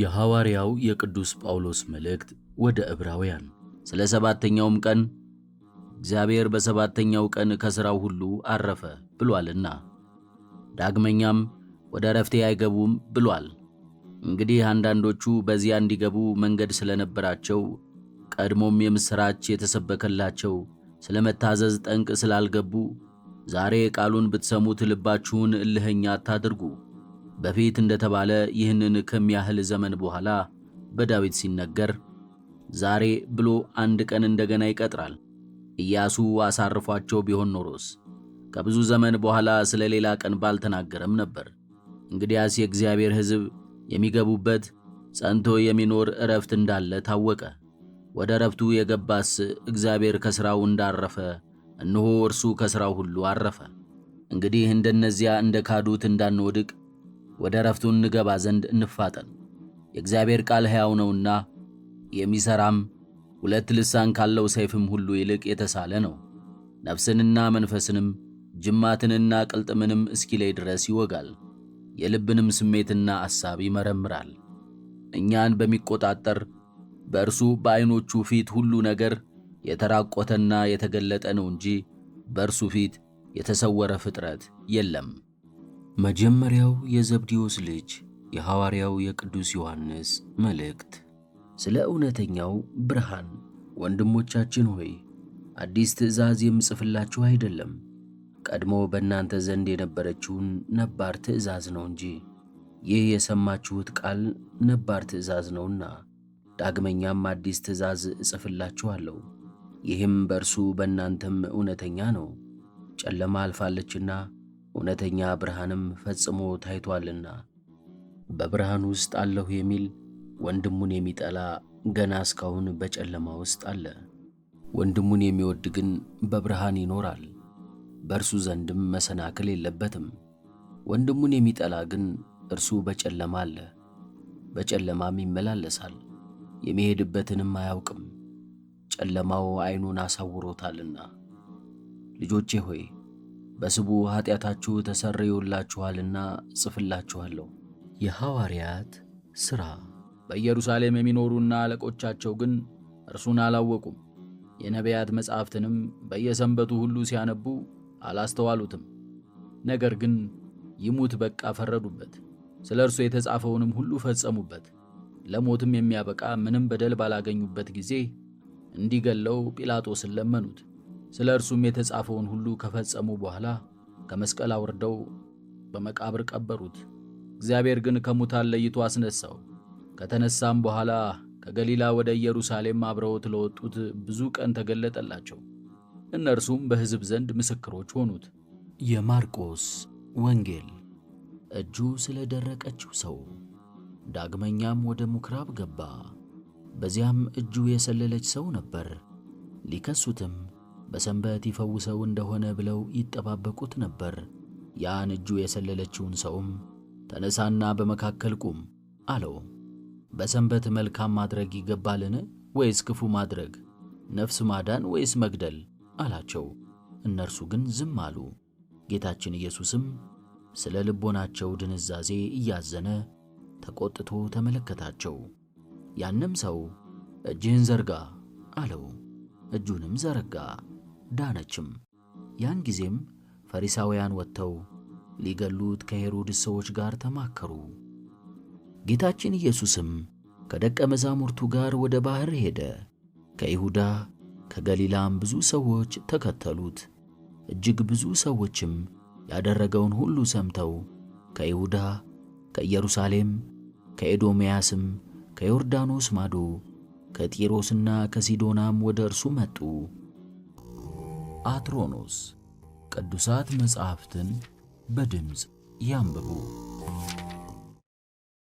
የሐዋርያው የቅዱስ ጳውሎስ መልእክት ወደ ዕብራውያን። ስለ ሰባተኛውም ቀን እግዚአብሔር በሰባተኛው ቀን ከሥራው ሁሉ አረፈ ብሏልና ዳግመኛም ወደ ረፍቴ አይገቡም ብሏል። እንግዲህ አንዳንዶቹ በዚያ እንዲገቡ መንገድ ስለነበራቸው ቀድሞም የምሥራች የተሰበከላቸው ስለ መታዘዝ ጠንቅ ስላልገቡ ዛሬ ቃሉን ብትሰሙት ልባችሁን እልኸኛ አታድርጉ በፊት እንደተባለ ይህንን ከሚያህል ዘመን በኋላ በዳዊት ሲነገር ዛሬ ብሎ አንድ ቀን እንደገና ይቀጥራል። ኢያሱ አሳርፏቸው ቢሆን ኖሮስ ከብዙ ዘመን በኋላ ስለ ሌላ ቀን ባልተናገረም ነበር። እንግዲያስ የእግዚአብሔር ሕዝብ የሚገቡበት ጸንቶ የሚኖር ዕረፍት እንዳለ ታወቀ። ወደ ዕረፍቱ የገባስ እግዚአብሔር ከሥራው እንዳረፈ እነሆ እርሱ ከሥራው ሁሉ አረፈ። እንግዲህ እንደነዚያ እንደ ካዱት እንዳንወድቅ ወደ ዕረፍቱ እንገባ ዘንድ እንፋጠን። የእግዚአብሔር ቃል ሕያው ነውና የሚሠራም ሁለት ልሳን ካለው ሰይፍም ሁሉ ይልቅ የተሳለ ነው፣ ነፍስንና መንፈስንም ጅማትንና ቅልጥምንም እስኪለይ ድረስ ይወጋል፣ የልብንም ስሜትና አሳብ ይመረምራል። እኛን በሚቆጣጠር በእርሱ በዐይኖቹ ፊት ሁሉ ነገር የተራቆተና የተገለጠ ነው እንጂ በእርሱ ፊት የተሰወረ ፍጥረት የለም። መጀመሪያው የዘብዴዎስ ልጅ የሐዋርያው የቅዱስ ዮሐንስ መልእክት። ስለ እውነተኛው ብርሃን ወንድሞቻችን ሆይ አዲስ ትእዛዝ የምጽፍላችሁ አይደለም፣ ቀድሞ በእናንተ ዘንድ የነበረችውን ነባር ትእዛዝ ነው እንጂ። ይህ የሰማችሁት ቃል ነባር ትእዛዝ ነውና፣ ዳግመኛም አዲስ ትእዛዝ እጽፍላችኋለሁ። ይህም በእርሱ በእናንተም እውነተኛ ነው። ጨለማ አልፋለችና እውነተኛ ብርሃንም ፈጽሞ ታይቷልና በብርሃን ውስጥ አለሁ የሚል ወንድሙን የሚጠላ ገና እስካሁን በጨለማ ውስጥ አለ። ወንድሙን የሚወድ ግን በብርሃን ይኖራል፣ በእርሱ ዘንድም መሰናክል የለበትም። ወንድሙን የሚጠላ ግን እርሱ በጨለማ አለ፣ በጨለማም ይመላለሳል፣ የሚሄድበትንም አያውቅም፤ ጨለማው ዓይኑን አሳውሮታልና። ልጆቼ ሆይ በስቡ ኃጢአታችሁ ተሰርዩላችኋልና ጽፍላችኋለሁ። የሐዋርያት ሥራ። በኢየሩሳሌም የሚኖሩና አለቆቻቸው ግን እርሱን አላወቁም፣ የነቢያት መጻሕፍትንም በየሰንበቱ ሁሉ ሲያነቡ አላስተዋሉትም። ነገር ግን ይሙት በቃ ፈረዱበት፣ ስለ እርሱ የተጻፈውንም ሁሉ ፈጸሙበት። ለሞትም የሚያበቃ ምንም በደል ባላገኙበት ጊዜ እንዲገለው ጲላጦስን ለመኑት። ስለ እርሱም የተጻፈውን ሁሉ ከፈጸሙ በኋላ ከመስቀል አውርደው በመቃብር ቀበሩት። እግዚአብሔር ግን ከሙታን ለይቶ አስነሳው። ከተነሳም በኋላ ከገሊላ ወደ ኢየሩሳሌም አብረውት ለወጡት ብዙ ቀን ተገለጠላቸው። እነርሱም በሕዝብ ዘንድ ምስክሮች ሆኑት። የማርቆስ ወንጌል እጁ ስለ ደረቀችው ሰው። ዳግመኛም ወደ ምኵራብ ገባ። በዚያም እጁ የሰለለች ሰው ነበር። ሊከሱትም በሰንበት ይፈውሰው እንደሆነ ብለው ይጠባበቁት ነበር። ያን እጁ የሰለለችውን ሰውም ተነሳና በመካከል ቁም አለው። በሰንበት መልካም ማድረግ ይገባልን ወይስ ክፉ ማድረግ? ነፍስ ማዳን ወይስ መግደል? አላቸው። እነርሱ ግን ዝም አሉ። ጌታችን ኢየሱስም ስለ ልቦናቸው ድንዛዜ እያዘነ ተቆጥቶ ተመለከታቸው። ያንም ሰው እጅህን ዘርጋ አለው። እጁንም ዘረጋ። ዳነችም። ያን ጊዜም ፈሪሳውያን ወጥተው ሊገሉት ከሄሮድስ ሰዎች ጋር ተማከሩ። ጌታችን ኢየሱስም ከደቀ መዛሙርቱ ጋር ወደ ባሕር ሄደ። ከይሁዳ ከገሊላም ብዙ ሰዎች ተከተሉት። እጅግ ብዙ ሰዎችም ያደረገውን ሁሉ ሰምተው ከይሁዳ ከኢየሩሳሌም ከኤዶምያስም ከዮርዳኖስ ማዶ ከጢሮስና ከሲዶናም ወደ እርሱ መጡ። አትሮኖስ ቅዱሳት መጻሕፍትን በድምፅ ያንብቡ።